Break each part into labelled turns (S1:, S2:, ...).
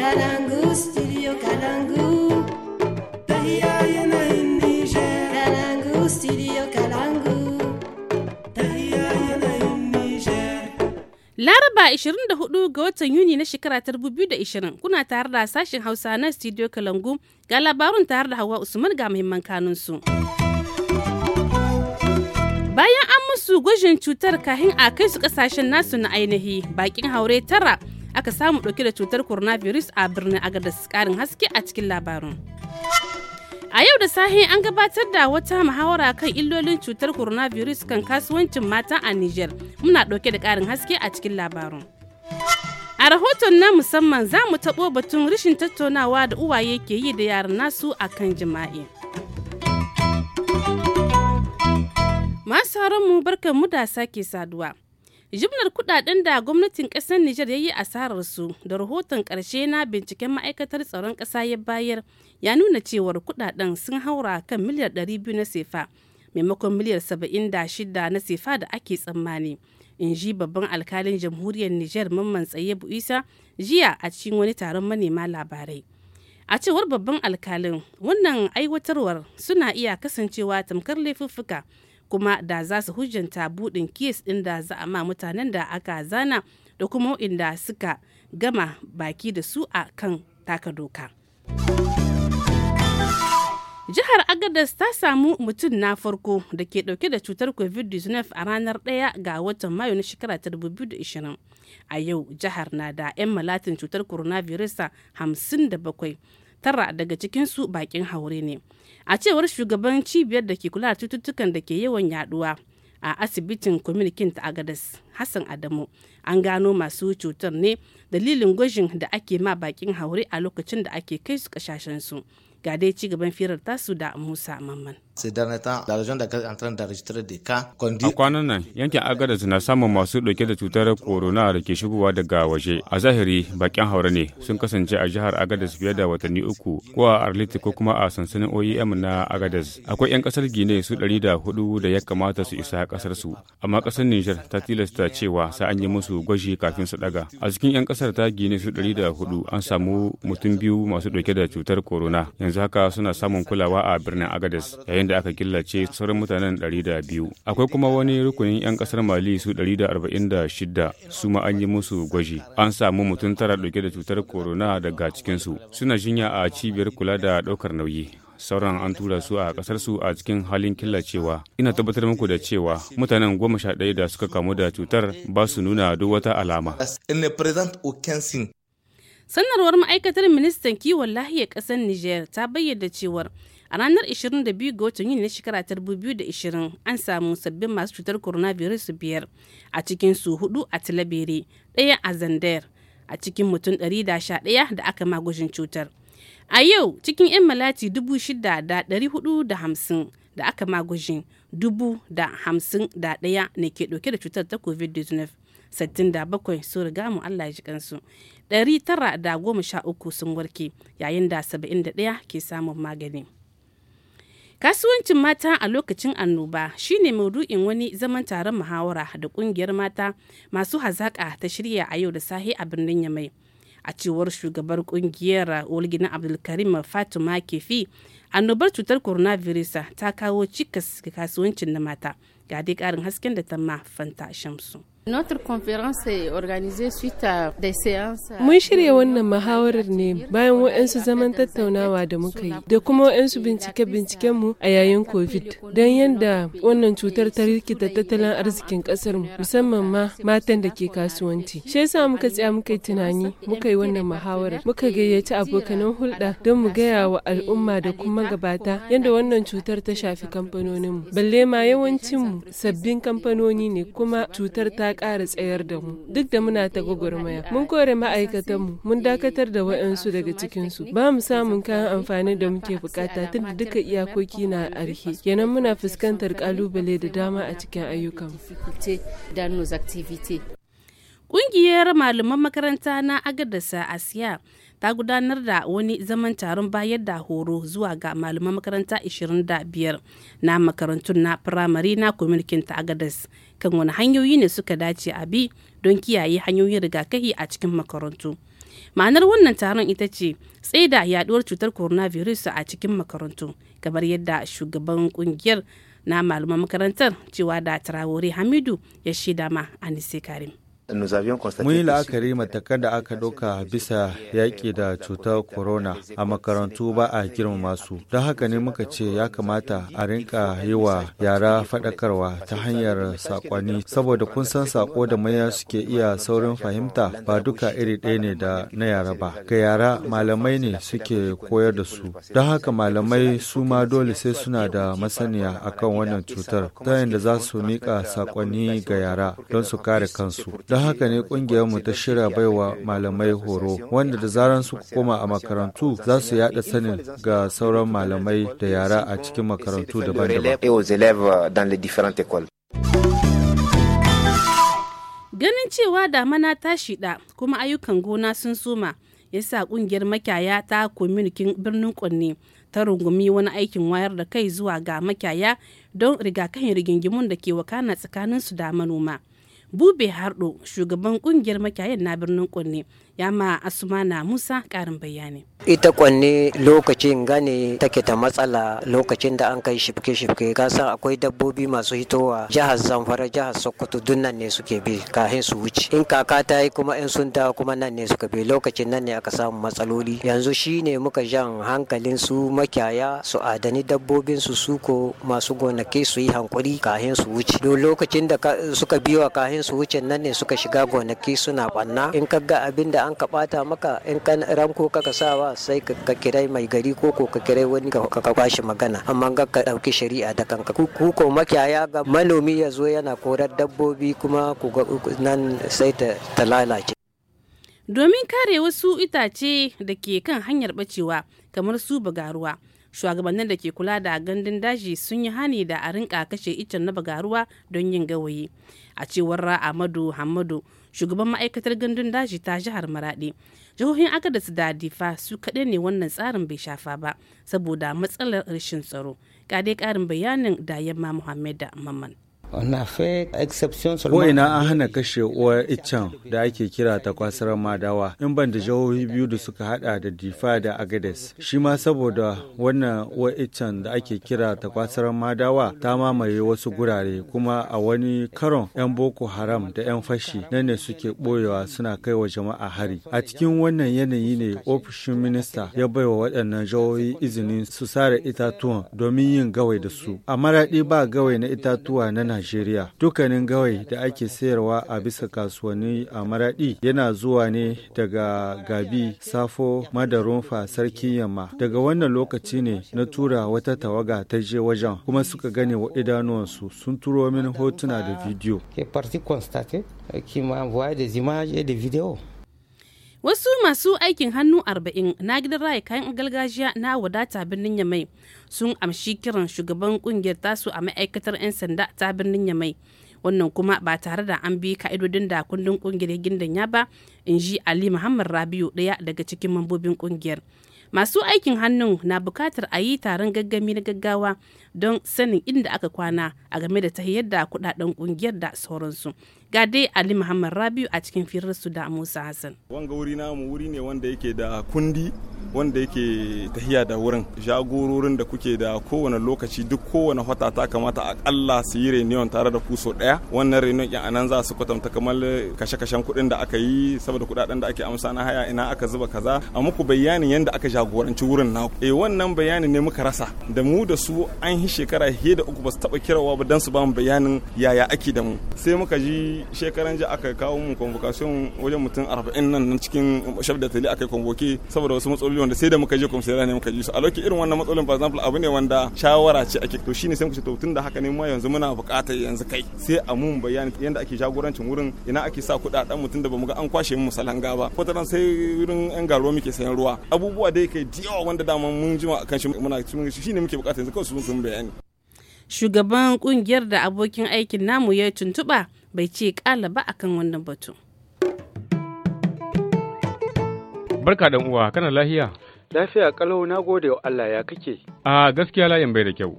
S1: Laraba 24
S2: ga watan Yuni na shekara ta 2020 kuna tare da sashen Hausa na studio Kalangu ga labarun tare da Hawa Usman ga muhimman kanunsu. Bayan an musu gwajin cutar kahin a kai su kasashen nasu na ainihi bakin haure tara aka samu ɗauke da cutar coronavirus a birnin agadas ƙarin haske a cikin labarin a yau da sahi an gabatar da wata muhawara kan illolin cutar coronavirus kan kasuwancin mata a niger muna ɗauke da ƙarin haske a cikin labarin a rahoton na musamman za mu taɓo batun rashin tattaunawa da uwaye ke yi da yaran nasu akan jima'i masu mu barkan mu da sake saduwa jimlar kudaden da gwamnatin kasar Nijar ya yi asararsu, da rahoton karshe na binciken ma'aikatar tsaron kasa ya bayar ya nuna cewar kudaden sun haura kan miliyar 200 na sefa maimakon miliyar 76 na sefa da ake tsammani in ji babban alkalin jamhuriyar Nijar mamman tsaye buisa jiya a cikin wani taron manema labarai a cewar babban alkalin wannan aiwatarwar suna iya kasancewa tamkar laifuffuka kuma da za su hujjanta budin kes ɗin da za a ma mutanen da aka zana da kuma inda suka gama baki da su a kan taka doka. Jihar Agadas ta samu mutum na farko da ke dauke da cutar COVID-19 a ranar 1 ga watan Mayu na shekara 2020. A yau jihar na da 'yan malatin cutar coronavirus 57 tara daga cikinsu bakin haure ne a cewar shugaban cibiyar da ke kula da cututtukan da ke yawan yaduwa a asibitin kwamilikin ta agadas hassan adamu an gano masu cutar ne dalilin gwajin da ake ma bakin haure a lokacin da ake kai su kasashensu ga dai ci gaban firar tasu da musa mamman A
S3: kwanan nan yankin Agadez na samun masu ɗauke da cutar corona da ke shigowa daga waje. A zahiri bakin haure ne sun kasance a jihar Agadez fiye da watanni uku ko a Arliti ko kuma a sansanin OEM na Agadez. Akwai 'yan kasar Gine su 104 da hudu da ya kamata su isa kasar su. Amma kasar Nijar ta tilasta cewa sai an yi musu gwaji kafin su daga. A cikin 'yan kasar ta Gine su 104 da an samu mutum biyu masu ɗauke da cutar corona. Yanzu haka suna samun kulawa a birnin Agadez yayin da aka killace sauran mutanen 200 akwai kuma wani rukunin 'yan kasar mali su 146 su ma an yi musu gwaji an samu mutum tara dauke da cutar corona daga cikinsu suna jinya a cibiyar kula da ɗaukar nauyi sauran an tura su a kasar su a cikin halin killacewa ina tabbatar muku da cewa mutanen goma sha ɗaya da suka kamu da cutar ba su nuna duk wata alama
S2: sanarwar ma'aikatar ministan kiwon lahiyar ƙasar niger ta bayyana cewar A ranar 22 ga watan Yuni na shekara ta 2020 an samu sabbin masu cutar coronavirus biyar a cikin su hudu a Tilabere, ɗaya a zander a cikin mutum 111 da aka magujin cutar. A yau cikin 'yan malati 6,450 da aka magujin 51 ne ke dauke da cutar ta COVID-19. 67 su riga mu Allah ya ji kansu 913 sun warke yayin da 71 ke samun magani. Kasuwancin mata a lokacin annoba shine maudu'in wani zaman taron muhawara da kungiyar mata masu hazaƙa ta shirya a yau da sahi a birnin Yamai. A cewar shugabar kungiyar Olgina Abdulkarim Fatima Kefi, annobar cutar coronavirus ta kawo cikas ga kasuwancin na mata. Ga dai ƙarin hasken da ta ma Fanta Shamsu. Mun shirya wannan muhawarar ne bayan waɗansu zaman tattaunawa da muka yi da kuma waɗansu bincike binciken mu a yayin COVID don yadda wannan cutar ta rikita tattalin arzikin mu musamman ma matan da ke kasuwanci. Shi yasa muka tsaya muka yi tunani muka yi wannan muhawarar muka gayyaci abokanan hulɗa don mu gaya wa al'umma da kuma gabata yadda wannan cutar ta shafi kamfanonin mu Balle ma yawancinmu sabbin kamfanoni ne kuma cutar ta ƙara tsayar da mu duk da muna ta gwagwarmaya mun kore ma'aikatanmu mun dakatar da wa'ansu daga cikinsu ba mu samun kayan amfani da muke bukata tun da duka iyakoki na arhe kenan muna fuskantar kalubale da dama a cikin ayyukan Ƙungiyar malaman makaranta na Agadasa Asiya ta gudanar da wani zaman taron bayar da horo zuwa ga malaman makaranta 25 na makarantun na firamare na kwamitin ta Agadas. kan wani hanyoyi ne suka dace a bi don kiyaye hanyoyin rigakafi a cikin makarantu ma'anar wannan taron ita ce da yaduwar cutar coronavirus a cikin makarantu kamar yadda shugaban kungiyar na malaman makarantar cewa da traore hamidu ya shaida ma anise karim
S1: Mun yi la'akari matakan da aka ɗauka bisa yaƙi da cutar corona a makarantu ba a girmama su. Don haka ne muka ce ya kamata a rinka yi wa yara faɗakarwa ta hanyar saƙonni saboda kun san saƙo da maya suke iya saurin fahimta ba duka iri ɗaya ne da na yara ba. Ga yara malamai ne suke koyar da su. Don haka malamai su ma dole sai suna da masaniya akan wannan cutar ta yadda za su miƙa saƙonni ga yara don su kare kansu. don haka ne mu ta shirya baiwa malamai horo wanda da zaran suka koma a makarantu za su yada sanin ga sauran malamai da yara a cikin makarantu daban-daban. Euh,
S2: Ganin cewa damana ta shida kuma ayyukan gona sun suma yasa kungiyar makyaya ta kominikin birnin kunne ta rungumi wani aikin wayar da kai zuwa ga makyaya don rigakafin rigingimun da ke wakana su da manoma. bube hardo shugaban kungiyar makiyayan na birnin kunne ya ma Asumana Musa karin bayani.
S1: Ita kwanne lokacin gane take ta matsala lokacin da an kai shifke-shifke kasan akwai dabbobi masu hitowa jihar Zamfara jihar Sokoto duk nan ne suke bi kahin su wuce. In kaka ta yi kuma in sun dawo kuma nan ne suka bi lokacin nan ne aka samu matsaloli. Yanzu shi muka jan hankalin su makiyaya su adani dabbobin su suko masu gonaki su yi hankuri kahin su wuce. Don lokacin da suka biwa kahin su wuce nan ne suka shiga gonaki suna banna in ga abin da an ka bata maka in kan ranko kaka sawa sai ka kirai mai gari ko ko ka kirai wani ka kwashi magana amma ga ka dauki shari'a da kanka ku ko makiyaya ga manomi ya zo yana korar dabbobi kuma ku ga nan sai ta lalace
S2: domin kare wasu itace da ke kan hanyar bacewa kamar su bagaruwa shugabannin da ke kula da gandun daji sun yi hani da a rinka kashe icen na bagaruwa don yin gawayi a cewar amadu hamadu shugaban ma'aikatar gandun daji ta jihar maradi jihohin agadas da difa su kaɗai ne wannan tsarin bai shafa ba saboda matsalar rashin tsaro ƙade ƙarin bayanin da yamma muhammed da mamman
S1: Ko'ina an hana kashe uwar iccen da ake kira ta kwasar madawa in ban da jihohi biyu da suka hada da difa da agades shi ma saboda wannan uwar iccen da ake kira ta kwasar madawa ta mamaye wasu gurare kuma a wani karon 'yan boko haram da 'yan fashi na ne suke boyewa suna kai wa jama'a hari a cikin wannan yanayi ne ofishin minista ya baiwa waɗannan jihohi izinin su sare itatuwan domin yin gawai da su a maraɗi ba gawai na itatuwa na Najeriya. Dukkanin gawai da ake sayarwa a bisa kasuwanni a Maradi yana zuwa ne daga Gabi, Safo, Madarunfa, Sarki Yamma. Daga wannan lokaci ne na tura wata tawaga ta je wajen kuma suka gane wa idanuwansu sun turo min hotuna da bidiyo.
S2: Wasu masu aikin hannu arba'in na gidan raya kayan gargajiya na wadata birnin Yamai sun amshi kiran shugaban kungiyar tasu a ma'aikatar 'yan sanda ta birnin Yamai. Wannan kuma ba tare da an bi ka'idodin da kundin kungiyar gindin ya ba, in ji Ali Muhammad Rabiu ɗaya daga cikin mambobin kungiyar. masu aikin hannun na bukatar a yi taron gaggami na gaggawa don sanin inda aka kwana a game da ta yadda kudaden kungiyar da sauransu gade ali muhammad rabiu a cikin su da musa hassan wanga wuri na
S3: mu wuri ne wanda yake da kundi wanda yake tahiya da wurin jagororin da kuke da kowane lokaci duk kowane hota ta kamata akalla su yi reunion tare da kuso daya wannan reunion ya anan za su kwatanta kamar kashe-kashen kuɗin da aka yi saboda kuɗaɗen da ake amsa na haya ina aka zuba kaza a muku bayanin yadda aka jagoranci wurin naku eh wannan bayanin ne muka rasa da mu da su an yi shekara fiye da uku ba su taɓa kirawa ba don su ba mu bayanin yaya ake da mu sai muka ji shekaran ji aka kawo mu convocation wajen mutum 40 nan cikin shaf da tali aka convoke saboda wasu matsaloli wanda sai da muka je komisariya ne muka ji su a lokacin irin wannan matsalolin for example abu ne wanda shawara ce ake to shine sai muka ce to tunda haka ne ma yanzu muna buƙatar yanzu kai sai a mun bayani yanda ake jagorancin wurin ina ake sa kuɗaɗen mutum da bamu ga an kwashe mu salanga ba kwataran sai wurin yan garo muke sayan ruwa abubuwa dai kai diyawa wanda dama mun jima akan shi muna cikin shi ne muke buƙatar yanzu kawai su sun bayani
S2: shugaban kungiyar da abokin aikin namu ya tuntuba. bai ce ƙala ba akan wannan batu.
S3: Barka dan uwa kana lahiya?
S1: Lafiya kalau na gode wa Allah ya kake.
S3: A gaskiya layin bai da kyau.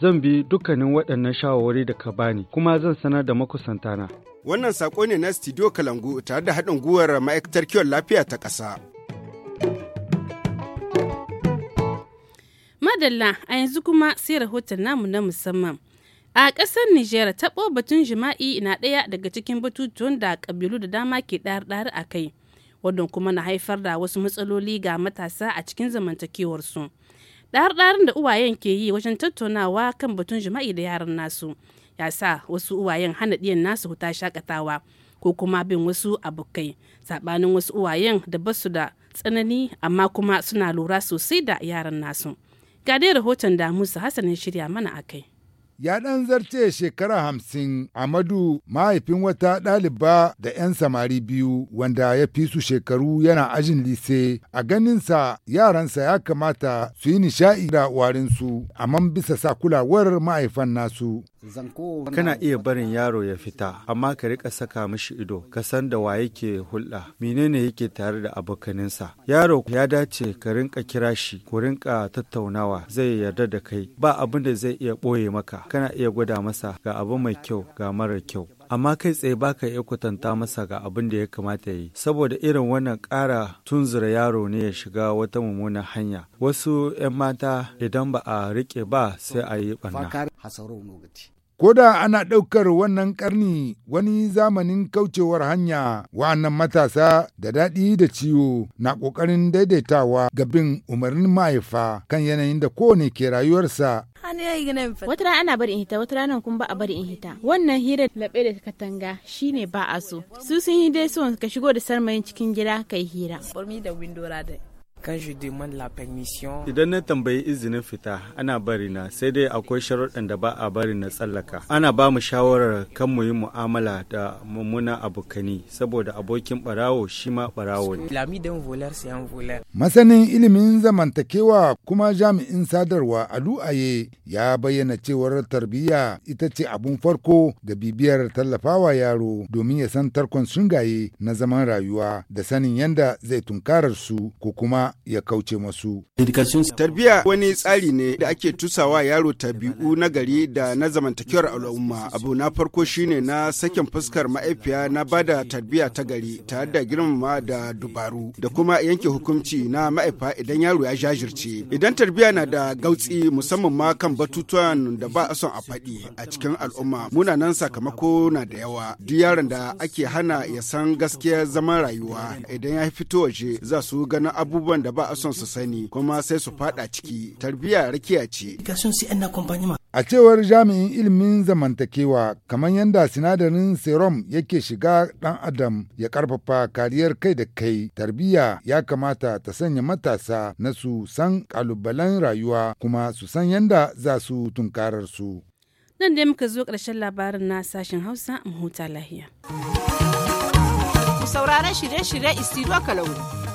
S1: zan bi dukkanin waɗannan shawarwari da ka bani kuma zan sanar da makusantana.
S4: Wannan saƙo ne na Studio Kalangu tare da haɗin gwiwar ma'aikatar kiwon lafiya ta ƙasa.
S2: Madalla a yanzu kuma sai rahoton namu na musamman. A ƙasar Nijar taɓo batun jima'i na ɗaya daga cikin batutuwan da ƙabilu da dama ke ɗari-ɗari a kai, wadda kuma na haifar da wasu matsaloli ga matasa a cikin zamantakewarsu. ɗar da uwayen ke yi wajen tattaunawa kan batun jima'i da yaran nasu ya sa wasu uwayen hana ɗiyan nasu huta shakatawa ko kuma bin wasu abokai saɓanin wasu uwayen da basu da tsanani amma kuma suna lura sosai da yaran nasu ga dai rahoton da musa ya shirya mana akai
S4: ya ɗan zarce shekara hamsin Amadu mahaifin wata ɗaliba da 'yan samari biyu wanda ya fi su shekaru yana ajin lise a ganinsa yaransa ya kamata su yi nishaɗi da warinsu amma bisa sa kulawar mahaifan nasu.
S1: Kana iya barin yaro ya fita, amma ka rika saka mishi ido, ka san da wa yake hulɗa, menene yake tare da abokaninsa. Yaro ya dace ka rinka kira shi, ku rinka tattaunawa, zai yarda da kai. Ba abin da zai iya ɓoye maka, kana iya gwada masa ga abu mai kyau ga mara kyau. amma kai tsaye ba ka iya kwatanta masa ga abin da ya kamata ya yi saboda irin wannan ƙara tunzura yaro ne ya shiga wata mummunan hanya wasu 'yan mata idan ba a riƙe ba sai a yi ɓanna
S4: ko da ana ɗaukar wannan ƙarni wani zamanin kaucewar hanya wa'annan matasa da daɗi da ciwo na ƙoƙarin daidaitawa ga bin umarnin mahaifa kan yanayin da kowane ke rayuwarsa
S2: wata rana ana bari in hita wata ranar kuma ba a bari in hita wannan hirar labe da katanga shine ba a so su sun yi dai son ka shigo da sarmayin cikin gida kai hira quand je
S3: demande la permission. Idan
S1: na tambayi izinin fita ana bari na sai dai akwai sharuɗan da ba a bari na tsallaka. Ana ba mu shawarar kan mu yi mu'amala da mummuna abokani saboda abokin barawo shi ma barawo ne. Lami dan volar sai an volar. Masanin
S4: ilimin zamantakewa kuma jami'in sadarwa a lu'aye ya bayyana cewar tarbiyya ita ce abun farko da bibiyar tallafawa yaro domin ya san tarkon sungaye na zaman rayuwa da sanin yadda zai tunkarar su ko kuma ya kauce masu. Tarbiyya wani tsari ne da ake tusawa yaro tabi'u na gari da na zamantakewar al'umma. Abu na farko shine na sakin fuskar ma'aifiya na bada tarbiyya ta gari tare da girmama da dubaru da kuma yanke hukunci na ma'aifa idan yaro ya jajirce. Idan tarbiyya na da gautsi musamman ma kan batutuwan da ba a son a faɗi a cikin al'umma munanan sakamako na da yawa. Duk yaron da ake hana ya san gaskiya zaman rayuwa idan ya fito waje za su ganin abubuwan da ba a son su sani kuma sai su fada ciki tarbiyya rakiya ce A cewar jami'in ilimin zamantakewa, kamar yadda sinadarin serum yake shiga ɗan adam ya karfafa kariyar kai da kai, tarbiyya ya kamata ta sanya matasa na su san kalubalen rayuwa kuma su san yadda za su tunkarar su.
S2: Nan dai muka zo ƙarshen labarin na sashen Hausa mu huta lahiya. Sauraron shirye-shirye Istiro Kalangu.